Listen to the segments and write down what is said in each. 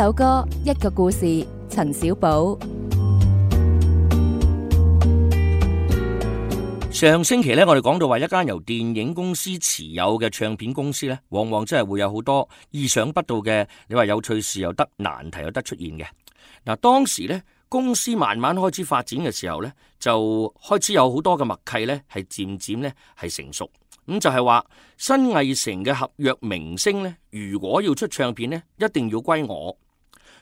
首歌一個故事，陳小寶。上星期咧，我哋講到話，一間由電影公司持有嘅唱片公司咧，往往真係會有好多意想不到嘅，你話有趣事又得，難題又得出現嘅。嗱，當時咧，公司慢慢開始發展嘅時候咧，就開始有好多嘅默契咧，係漸漸咧係成熟。咁就係話新藝城嘅合約明星咧，如果要出唱片咧，一定要歸我。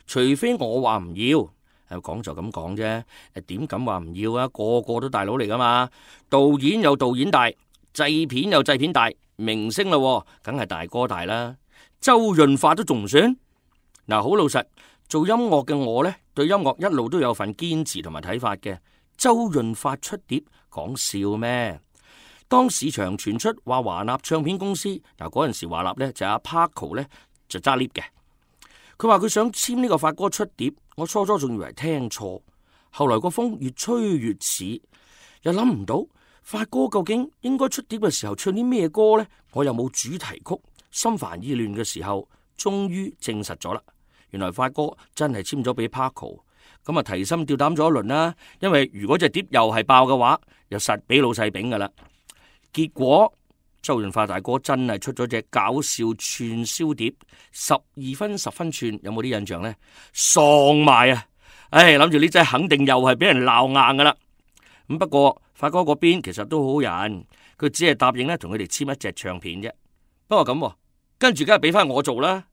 除非我話唔要，誒講就咁講啫，誒點敢話唔要啊？個個都大佬嚟噶嘛，導演有導演大，製片有製片大，明星啦、啊，梗係大哥大啦。周潤發都仲唔算？嗱、啊，好老實，做音樂嘅我呢，對音樂一路都有份堅持同埋睇法嘅。周潤發出碟，講笑咩？當市場傳出話華納唱片公司，嗱嗰陣時華納咧就阿 Paco 呢，就揸 lift 嘅。佢話佢想簽呢個發哥出碟，我初初仲以為聽錯，後來個風越吹越似，又諗唔到發哥究竟應該出碟嘅時候唱啲咩歌呢？我又冇主題曲，心煩意亂嘅時候，終於證實咗啦，原來發哥真係簽咗俾 Paco，咁啊提心吊膽咗一輪啦，因為如果隻碟又係爆嘅話，又實俾老細丙噶啦，結果。周潤發大哥真係出咗隻搞笑串燒碟，十二分十分串，有冇啲印象呢？喪埋啊！唉，諗住呢隻肯定又係俾人鬧硬噶啦。咁不過發哥嗰邊其實都好人，佢只係答應咧同佢哋簽一隻唱片啫。不過咁喎，跟住梗係俾翻我做啦。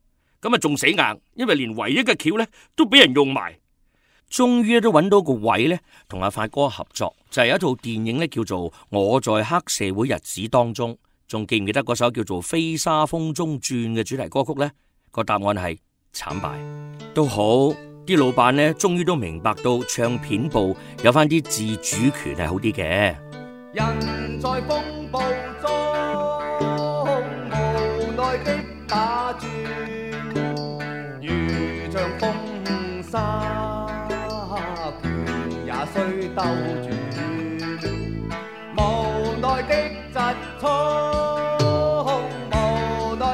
咁啊仲死硬，因為連唯一嘅橋咧都俾人用埋。終於都揾到個位咧，同阿發哥合作，就係有一套電影咧，叫做《我在黑社會日子》當中。仲記唔記得首叫做《飛砂風中轉》嘅主題歌曲咧？個答案係慘敗。都好，啲老闆咧，終於都明白到唱片部有翻啲自主權係好啲嘅。人在風暴中，無奈的打轉，如像風沙捲，也需兜轉。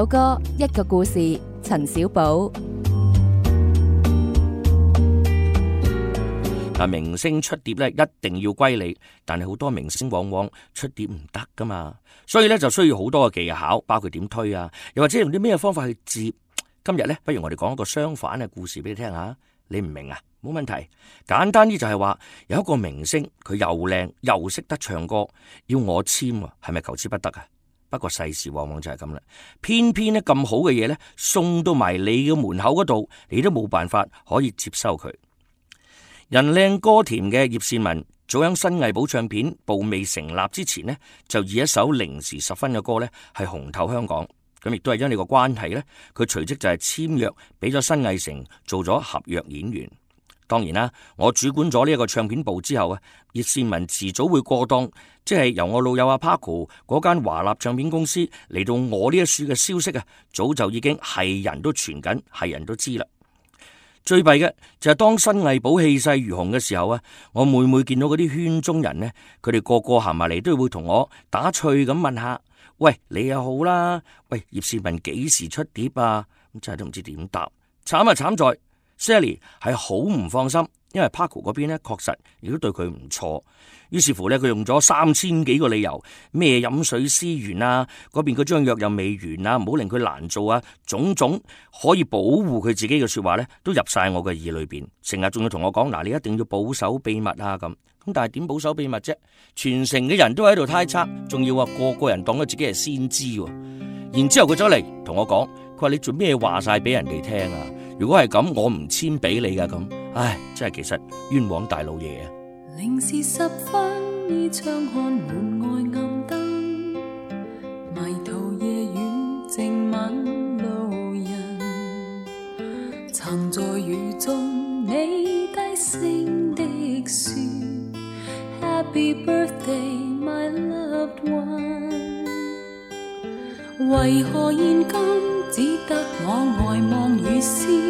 首歌一個故事，陳小寶。嗱，明星出碟咧一定要歸你，但係好多明星往往出碟唔得噶嘛，所以咧就需要好多嘅技巧，包括點推啊，又或者用啲咩方法去接。今日咧，不如我哋講一個相反嘅故事俾你聽下。你唔明啊？冇問題，簡單啲就係話有一個明星，佢又靚又識得唱歌，要我簽啊，係咪求之不得啊？不過世事往往就係咁啦，偏偏呢咁好嘅嘢呢送到埋你嘅門口嗰度，你都冇辦法可以接收佢。人靚歌甜嘅葉倩文，早喺新藝寶唱片部未成立之前呢，就以一首零時十分嘅歌呢係紅透香港。咁亦都係因你個關係呢，佢隨即就係簽約俾咗新藝城做咗合約演員。當然啦，我主管咗呢一個唱片部之後啊，葉倩文遲早會過檔，即係由我老友阿 Paco 嗰間華立唱片公司嚟到我呢一處嘅消息啊，早就已經係人都傳緊，係人都知啦。最弊嘅就係、是、當新藝寶氣勢如虹嘅時候啊，我每每見到嗰啲圈中人呢，佢哋個個行埋嚟都會同我打趣咁問下，喂，你又好啦，喂，葉倩文幾時出碟啊？真係都唔知點答，慘啊慘在。Sally 係好唔放心，因為 Paco 嗰邊咧確實亦都對佢唔錯。於是乎咧，佢用咗三千幾個理由，咩飲水思源啊，嗰邊佢張約又未完啊，唔好令佢難做啊，種種可以保護佢自己嘅說話咧，都入晒我嘅耳裏邊。成日仲要同我講嗱，你一定要保守秘密啊咁。咁但係點保守秘密啫？全城嘅人都喺度猜測，仲要話個個人當咗自己係先知。然之後佢走嚟同我講，佢話你做咩話晒俾人哋聽啊？如果係咁，我唔簽俾你噶。咁，唉，真係其實冤枉大老爺啊！零時十分倚窗看門外暗燈迷途夜雨靜吻路人曾在雨中你低聲地說 Happy birthday my loved one 為何現今只得我呆望雨絲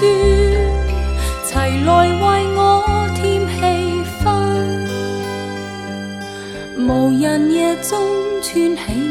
誰來為我添氣氛，無人夜中穿起。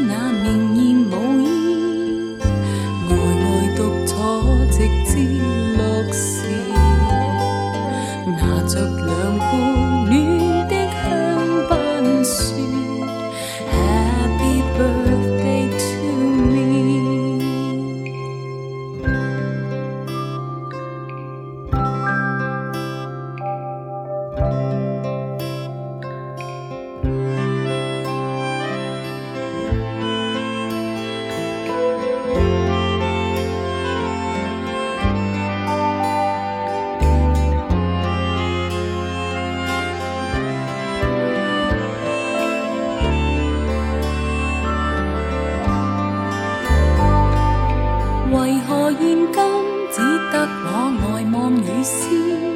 只得我呆望雨絲。